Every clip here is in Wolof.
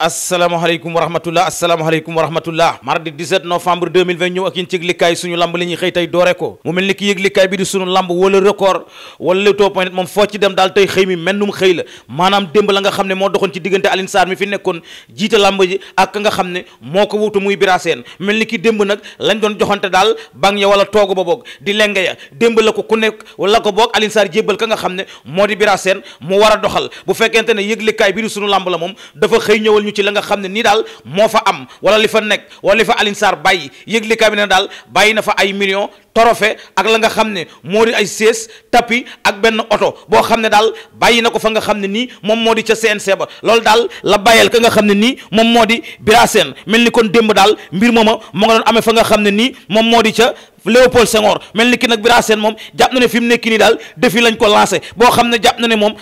asalaamaaleykum wa rahmatullah asalaamaaleykum wa rahmatullah mardi 17 novembre 2020 ñëw ak yéen ci yëglikaay suñu lamb li ñuy xëy tey doore ko mu mel ni ki yëglikaay bi la maanaam démb la ko wutu muy biraseen mel ni ki démb nag lañ doon joxante daal bang ya wala toogu ba boog di lenge ya la ko ku nekk wala ko boog Alioune Sarr jébbal ka nga xam ne moo di biraseen mu war a doxal bu fekkente ne yëglikaay bi di suñu lamb la moom dafa xëy ñëwal ñu ci la nga xam ne nii daal moo fa am wala li fa nekk wala li fa Alioune Sarr bàyyi yëgle cabinet daal bàyyi na fa ay millions trophée ak la nga xam ne moo di ay sées tapis ak benn oto boo xam ne daal bàyyi na ko fa nga xam ne nii moom moo di ca CNC ba loolu daal la bàyyeel ka nga xam ne nii moom moo di Bira mel ni kon démb daal mbir mooma moo nga doon amee fa nga xam ne nii moom moo di ca Léopold Senghor mel ni ki nag Bira Sène moom jàpp na ne fi mu nii daal defi lañ ko lancé boo xam ne jàpp na ne moom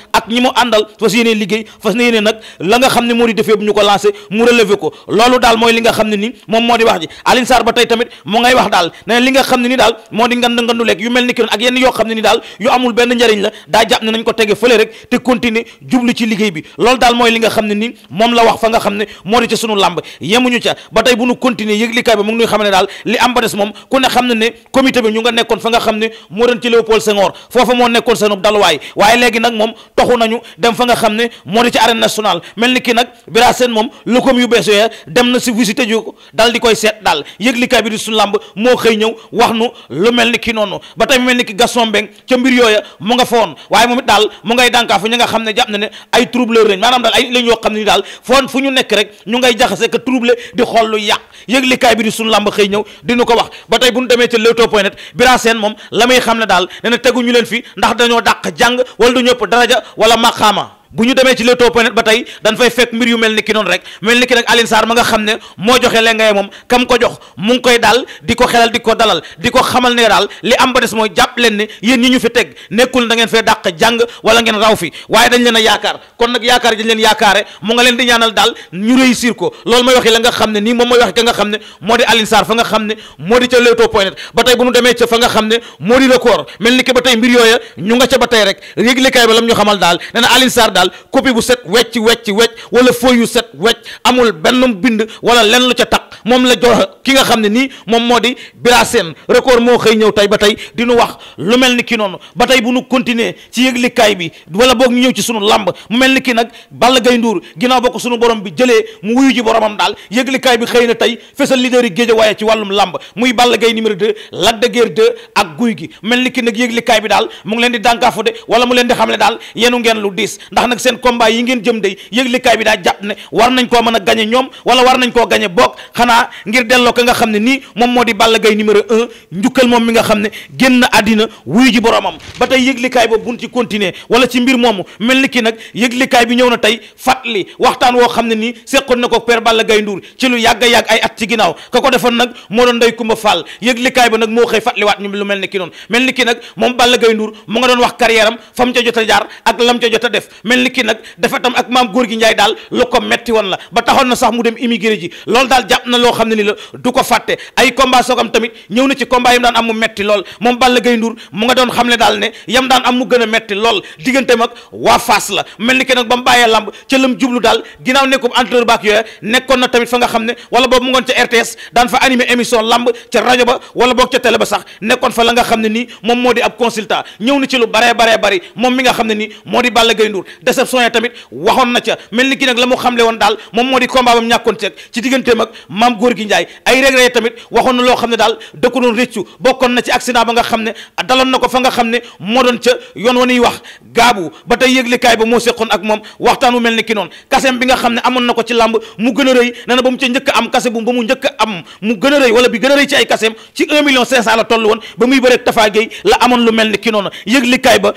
moo di defee bu ñu ko lancé mu relevé ko loolu daal moo di wax ji Alioune Sarr ba tey tamit mu ngay wax daal ne li nga xam ne ni daal moo di ngand ngandu lekk yu mel ni ki noonu ak yenn yoo xam ne ni daal yu amul benn njariñ la daa jàpp ne nañ ko tege fële rek te continuer jublu ci liggéey bi loolu daal mooy li nga xam ne nii moom la wax fa nga xam ne moo di ca sunu làmb yemuñu ne comité bi ñu nga nekkoon fa nga xam ne moo doon ci Léopold Senghor foofa moo nekkoon seenub daluwaay waaye léegi nag moom toxu nañu dem fa nga xam ne moo di ci arène nationale mel ni ki nag bira seen moom lëkkoom yu bees yooya dem na si visité ju ko dal di koy seet daal yëglikaay bi di suñu làmb moo xëy ñëw wax nu lu mel ni ki noonu ba tamit mel ni ki Gaston Mbengue ca mbir yooya mu nga foon waaye moom it daal mu ngay dànkaa fu ñi xam ne jàpp na ne ay troubleur lañ maanaam daal ay yoo xam ni daal foon fu ñu nekk rek ñu ngay jaxase que trouble di xool lu yàq yëglikaay bi di suñu làmb ko wax ba tey bu ñu demee ci Leewtoo point net Bira Sène moom lamay xam ne daal nee na teguñu leen fi ndax dañoo dàq jàng wala du ñëpp daraja wala maqaama bu ñu demee ci Leewtoo point ba tey dañ fay fekk mbir yu mel ni ki noonu rek mel ni ki nag Alioune Sarr moo joxe leen ngay moom ko jox koy daal di ko xelal di ko dalal di ko xamal ne daal li am ba des mooy jàpp leen ne yéen ñi ñu fi teg nekkul da ngeen fee dàq wala ngeen raw fi waaye dañ leen yaakaar kon nag yaakaar dañ leen yaakaare mu nga leen di ñaanal daal ñu réussir ko loolu mooy waxi la nga xam ne nii moom mooy waxi ka nga xam moo di Alioune Sarr fa moo di ca Leewtoo point bu ñu demee ca fa nga xam ne moo di record mel ni ki ba tey mbir yooya ñu nga ca ba tey rek yëglikaay ba lam ñu xamal daal nee na daal copie bu set wecc wecc wecc wala feuille yu set wecc amul benn bind wala lenn lu ca taq moom la jox ki nga xam ne nii moom moo di Bira Sène record moo xëy ñëw tey ba tey di wax lu mel ni ki noonu ba tey bu nu continuer ci yëglikaay bi wala boog ñëw ci sunu làmb mel ni ki nag Balla gay Ndour ginnaaw bokk sunu borom bi jëlee mu wuyu ji boromam daal yëglikaay bi xëy na tey fesal leader yi waaye ci wàllum làmb muy Balla gay numéro 2 Lac de Guiers 2 ak guy gi mel ni ki nag yëg yëglikaay bi daal mu ngi leen di dànkaafu de wala mu leen di xamle daal yenu ngeen lu diis ndax nag seen combat yi ngeen jëm day yëglikaay bi daa jàpp ne war nañ koo mën a gañe ñoom wala war nañ koo gañe bokk xanaa ngir delloo ko nga xam ne nii moom moo di Balla Gaye numéro un njukkal moom mi nga xam ne génn àddina wuyu ji boromam ba tey yëglikaay boobu buñ ci continuer wala ci mbir moomu mel ni ki nag yëglikaay bi ñëw na tey fàttali waxtaan woo xam ne nii seqoon na ko père Balla Gaye Ndour ci lu yàgg a yàgg ay at moo doon Ndeye Coumba Fall yëglikaay ba nag moo xëy fàttaliwaat ñu lu ni ki noonu mel ni ki nag moom Balla Gaye Ndour mu nga doon wax carrière am fa mu ca jot a jaar ak lam ca jot a def mel ni ki nag dafa tam ak maam góor gi Njaay daal lu ko metti woon la ba taxoon na sax mu dem immigré ji loolu daal jàpp na loo xam ne ni la du ko fàtte ay combat soog am tamit ñëw na ci combat yam daan am mu metti lool moom Balla Gaye Ndour mu nga doon xam ne daal ne yam daan am mu gën a metti lool diggante mag waa Fass la mel ni ki nag ba mu bàyyee lamb ca lam jublu daal ginnaaw nekkub entraîneur baak yooya na tamit fa nga xam ne wala boobu mu ngoon ca RTS daan fa animé émission lamb ca rajo ba wala boog ca télé ba sax nekkoon fa la nga xam ne nii moom moo di ab consultant ñëw na ci lu baree baree bari moom mi nga xam ne nii moo di Balla Gaye déception yi tamit waxoon na ca mel ni ki la mu xamle woon daal moom moo di combat bam ñàkkoon ceeg ci digganteem ak maam góor gi Njaay ay regret tamit waxoon na loo xam ne daal da ko doon rëccu bokkoon na ci accident ba nga xam ne daloon na ko fa nga xam ne moo doon ca yoon wa nuy wax gaabu ba tey yëglikaay ba moo seqoon ak moom waxtaan wu mel ni ki noonu bi nga xam ne amoon na ko ci làmb mu gën rëy nee ba mu ca njëkk am kase bu ba mu njëkk am mu gën a rëy wala bi gën a rëy ci ay kasem ci ba muy bëreeg Tafa Gueye la lu mel ni ki noonu yëglikaay ba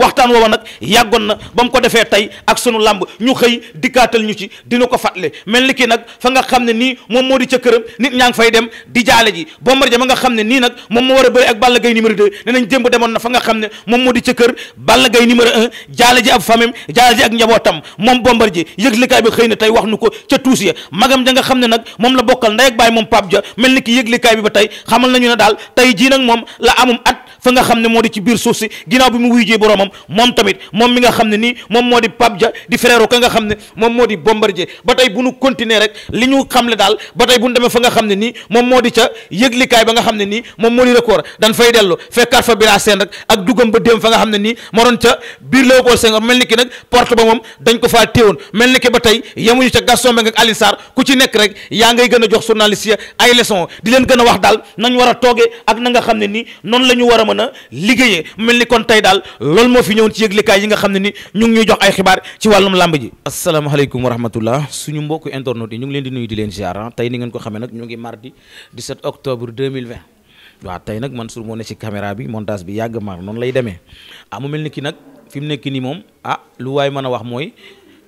waxtaan woowa nag yàggoon na ba mu ko defee tey ak sunu làmb ñu xëy dikkaatal ñu ci dina ko fàttali mel ni ki nag fa nga xam ne nii moom moo di ca këram nit ñaa ngi fay dem di jaale ji Bombardier ma nga xam ne nii nag moom moo war a bëri ak Balla Gaye numéro 2 nee nañ démb demoon na fa nga xam ne moom moo di ca kër Balla Gaye numéro 1 jaale ji ab famem jaale ji ak njabootam moom Bombardier yëglikaay bi xëy na tey wax nu ko ca tuus ya magam ja nga xam ne nag moom la bokkal ndey ak baay moom Pape Ja mel ni ki yëglikaay bi ba tey xamal nañu ne daal tey jii nag moom la amum at fa nga xam ne moo di ci biir suuf si ginnaaw bi mu wuy jee boroomam moom tamit moom mi nga xam ne nii moom moo di Pape Dia di frère ka nga xam ne moom moo di Bombardier ba tey bu nu continuer rek li ñu xamle daal ba tey bu nu demee fa nga xam ne nii moom moo di ca yëglikaay ba nga xam ne nii moom moo di record dan fay dellu fekkaat fa Bira Sène rek ak dugam ba déem fa nga xam ne nii moo doon ca biir Léopold Senghor mel ni ki nag porte ba moom dañ ko faa téewoon mel ni ki ba tey yemuñu ca Gaston ku ci nekk rek yaa ngay gën a jox journaliste ya ay leçon di leen gën a wax daal nañ war a toogee ak na nga xam la ñu mën a liggéeyee mel ni kon tey daal loolu moo fi ñëwoon ci yëglekaay yi nga xam ne ni ñu ngi jox ay xibaar ci wàllum làmb ji asalaamaaleykum wa rahmatullah suñu mbokku internautes yi ñu ngi leen di nuyu di leen ziar ah tey ni ngeen ko xamee nag ñu ngi mardi 17 octobre 2020 waaw tey nag Mansour moo ne ci caméra bi montage bi yàgg maar noonu lay demee ah mu mel ni ki nag fi mu nii moom ah lu waay mën a wax mooy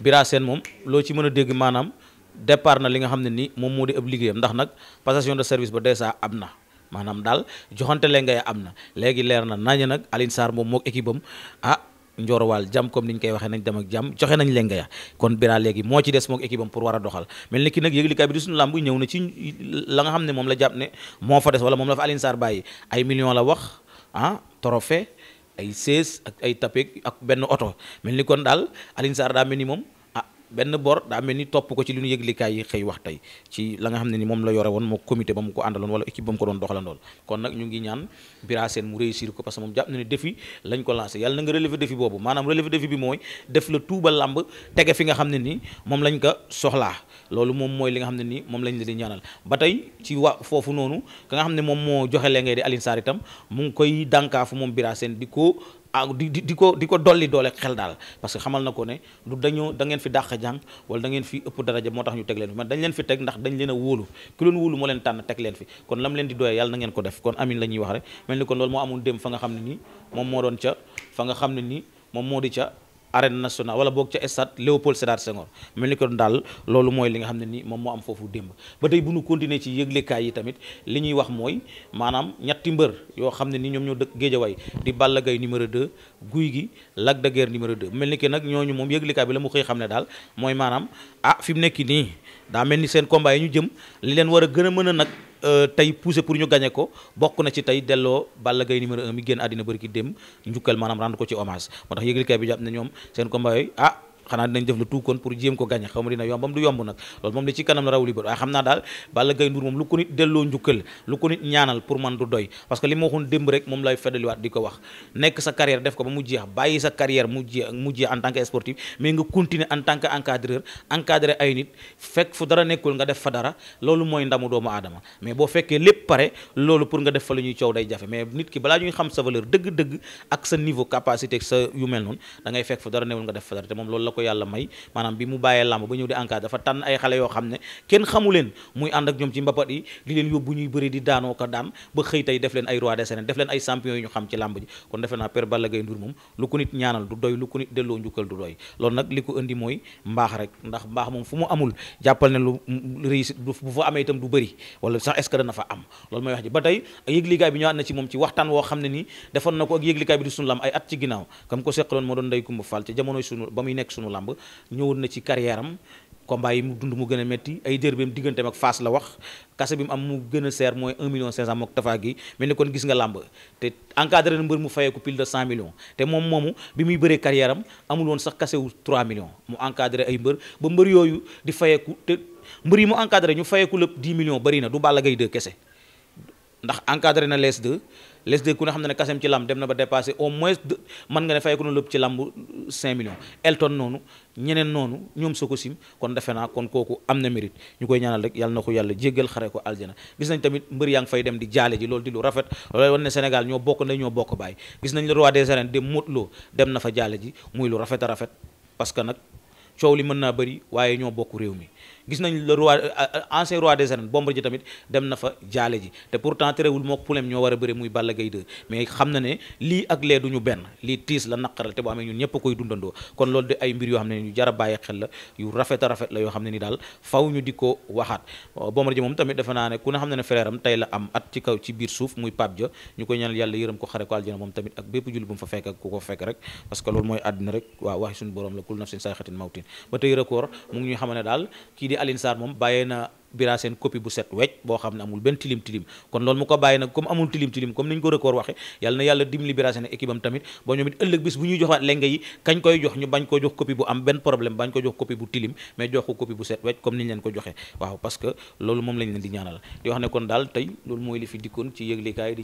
Bira Sène moom loo ci mën a dégg maanaam départ moo di ëpp liggéeyam ndax nag passation maanaam daal joxante lenga ngay am na léegi leer na nañu nag Alioune Sarr moom mook équipe am ah jàmm comme ni ñu koy waxee nañ dem ak jàmm joxe nañ leen ya kon bira léegi moo ci des mook équipe pour war a doxal mel ni ki nag yëglikaay bi di suñu làmb ñëw na ci la nga xam ne moom la jàpp ne moo fa des wala moom la fa Alioune bàyyi ay millions la wax ah trophée ay sées ak ay tapé ak benn oto mel ni kon daal Alioune Sarr daa mel ni moom benn bor daa mel ni topp ko ci lu ñu yëglikaay yi xëy wax tey ci la nga xam ne ni moom la yore woon moo comité ba mu ko àndaloon wala équipe ba mu ko doon doxalandoon kon nag ñu ngi ñaan Bira mu réussir ko parce moom jàpp na ne défi lañ ko lancé yàlla na nga relever défi boobu maanaam relever défi bi mooy def la tuuba làmb tege fi nga xam ne ni moom lañ ko soxlaa loolu moom mooy li nga xam ne ni moom lañ la di ñaanal ba tey ci wa foofu noonu ka nga xam ne moom moo joxe lee ngay ngi koy dànkaafu moom Bira Sène ko ah di di di ko di ko dolli doole xel daal parce que xamal na ko ne du dañoo da ngeen fi dàq jàng wala da ngeen fi ëpp daraja moo tax ñu teg leen fi man dañ leen fi teg ndax dañ leen a wóolu ku leen wóolu moo leen tànn teg leen fi kon lam leen di doyee yàlla na ko def kon amin la ñuy wax rek mel ni kon loolu moo amoon dem fa nga xam ne nii moom moo doon ca fa nga xam ne nii moom moo di ca arène nationale wala boog ca stade Léopold Sédar Senghor mel ni ko daal loolu mooy li nga xam ne ni moom moo am foofu démb ba tey bu ñu continuer ci yëglekaay yi tamit li ñuy wax mooy maanaam ñetti mbër yoo xam ne ni ñoom ñoo dëkk Géejawaay di Balla Gaye numéro de Guy gi Lac de numéro 2 mel ni ki nag ñooñu moom yëglekaay bi la mu xëy xam ne daal mooy maanaam a ah fi mu nekk nii daa mel ni seen combat yi ñu jëm li leen war a gën a mën a nag euh, tey pousser pour ñu gagné ko bokk na ci tey delloo Balla Gaye numéro 1 mi génn àddina bëri ki dem njukkal maanaam rendre ko ci hommage moo tax yëgle kay bi jàpp ne ñoom seen combat yooyu ah xanaa dinañ def la tout kon pour jéem ko gagné xaw ma dina yombam du yomb nag loolu moom li ci kanam raw li waaye xam naa daal Balla Gaye moom lu ko nit delloo njukkal lu ko nit ñaanal pour man du doy parce que li ma waxoon démb rek moom lay feddaliwaat di ko wax nekk sa ko ba mu jeex bàyyi sa carrière mu jeex mu jeex en tant que sportif mais nga continuer en tant que encadreur encadrer ay nit fekk fu dara nekkul nga def fa dara loolu mooy ndamu doomu aadama mais boo fekkee lépp pare loolu pour nga def fa lu ñuy coow day jafe mais nit ki balaa ñuy xam sa valeur dëgg-dëgg ak sa niveau capacité sa yu la ko yàlla may maanaam bi mu bàyyee làmb ba ñëw di ANCAR dafa tànn ay xale yoo xam ne kenn xamu muy ànd ak ñoom ci mbapat yi di leen yóbbu ñuy bëri di daanoo ko daan ba xëy tey def leen ay roi des def leen ay champion yi ñu xam ci làmb ji kon defe naa Père Balla Gaye Ndour moom lu ko nit ñaanal du doy lu ko nit delloo njukkal du doy loolu nag li ko indi mooy mbaax rek ndax mbaax moom fu mu amul jàppal ne lu réussite bu fa amee itam du ba sunu làmb ñëwoon na ci carrière am combat yi mu dund mu gën a métti ay dérbeem digganteem ak Fass la wax kase bi mu am mu gën a seer mooy 1 million 500 mook Tafa gi mel ni kon gis nga làmb te encadré na mbër mu fayeeku pile de 100 millions te moom moomu bi muy bëree carrière am amul woon sax kase wu 3 mu encadré ay mbër ba mbër yooyu di fayeeku te mbër yi mu encadré ñu fayeeku lépp 10 millions bari na du Balla Gaye 2 kese ndax encadré les de ku ne xam na ne kasem ci lamb dem na ba dépassé au moins man nga ne fay ko na lépp ci lamb 5 millions Elton noonu ñeneen noonu ñoom soo ko sim kon defe naa kon kooku am na mérite ñu koy ñaanal rek yàlla na ko yàlla jéggal xare ko aljana gis nañ tamit mbër yaa ngi fay dem di jaale ji loolu di lu rafet loolu wan ne Sénégal ñoo bokk nday ñoo bokk bàyyi gis nañ le roi des arènes de Modou dem na fa jaale ji muy lu rafet a rafet parce que nag coow li mën naa bëri waaye ñoo bokk réew mi gis nañ le roi euh, ancien roi des arènes Bombardier tamit dem na fa jaale ji te pourtant terewul mook pulem ñoo war a muy Balla Gaye 2 mais xam ne lii ak lee du ñu benn lii tiis la naqaral te bu amee xam ne ñu di ko waxaat euh, Bombardier moom tamit defe naa ne ku ne xam ne ne frère tey la am at ci kaw ci biir suuf muy Pape Dia ñu koy ñaanal yàlla yërëm ko xare ko aljana moom tamit ak bépp julli bu mu fa fekk ku ko fekk rek parce loolu mooy àddina kii di Alioune Sarr moom bàyyee bira seen bu set wecc boo xam ne amul benn tilim tilim kon loolu mu ko bàyyi nag comme amul tilim tilim comme niñ ko record waxe yàlla na yàlla dimbali bira seen tamit ba ñoom it ëllëg bis bu ñuy joxaat lenge yi kañ koy jox ñu bañ ko jox copie bu am benn problème bañ ko jox copie bu tilim mais jox ko copie bu set wecc comme niñ leen ko joxee waaw parce loolu moom lañ leen di ñaanal di wax ne kon daal tey loolu mooy li fi dikkoon ci yëglikaay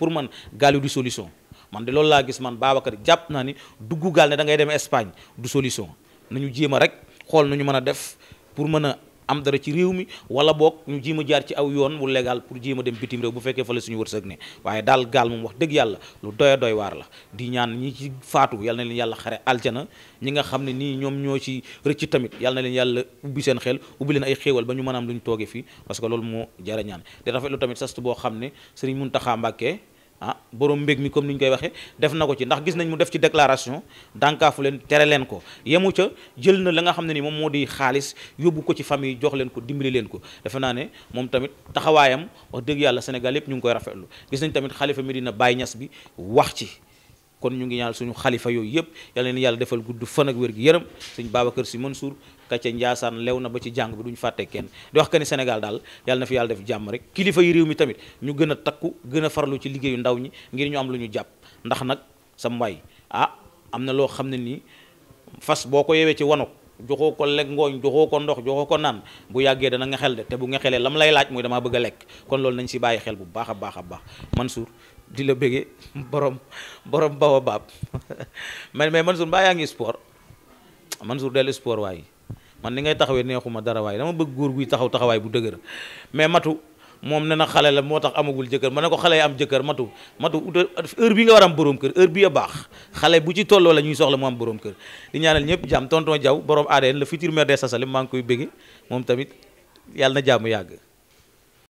a gaal du solution man de loolu laa gis man Babacar jàpp naa ni dugg gaal ne da dem Espagne du solution nañu jéem a rek xool nañu mën a def pour mën a am dara ci réew mi wala boog ñu jéem a jaar ci aw yoon wu légal pour jéem a dem bitim réew bu fekkee fa la suñu wërsëg ne waaye daal gaal moom wax dëgg yàlla lu doy doy waar la di ñaan ñi ci faatu yàlla na leen yàlla xare aljana ñi nga xam ne nii ñoom ñoo ci rëcc tamit yàlla na leen yàlla ubbi seen xel ubbi leen ay xéewal ba ñu mën a lu ñu fii parce que loolu moo jara ah borom mbég mi comme ni ñu koy waxee def na ko ci ndax gis nañ mu def ci déclaration dànkaafu leen tere leen ko yemu ca jël na la nga xam ne ni moom moo di xaalis yóbbu ko ci famille jox leen ko dimbali leen ko defe naa ne moom tamit taxawaayam wax dëgg yàlla Sénégal yëpp ñu ngi koy rafetlu gis nañ tamit xalifa Medina Baye Niass bi wax ci kon ñu ngi ñaal suñu xalifa yooyu yëpp yal na yàlla defal gudd fan ak wér gi yaram sëñ Babacar Sy Mansour ka ca Njaasaan lew na ba ci jàng bi duñ fàtte kenn di wax ka ni Sénégal daal yàlla na fi yàlla def jàmm rek kilifa yi réew mi tamit ñu gën a takku gën a farlu ci liggéeyu ndaw ñi ngir ñu am lu ñu jàpp ndax nag sa mbay a ah, am na loo xam ne nii fas boo ko yewee ci wanok joxoo ko lekk ngooñ joxoo ko ndox joxoo ko naan bu yàggee dana nga xel de te bu nga xelee lam lay laaj mooy damaa bëgg a lekk kon loolu nañ si bàyyi xel bu baax a baax a baax Mansour di la bëggee borom borom bawa baab mais mais yaa ngi sport Mansour del sport waaye man ni ngay taxawee neexuma dara waaye dama bëgg góor guy taxaw taxawaay bu dëgër mais matu moom ne na xale la moo tax amagul jëkkër ma ne ko xale yi am jëkkër matu matu heure bi nga war am borom kër heure bi a baax xale bu ci tolloo la ñuy soxla mu am borom kër di ñaanal ñëpp jàmm tonton Diaw borom ADN le futur maire des Sasalim maa ngi koy bëgge moom tamit yàlla na jàmm yàgg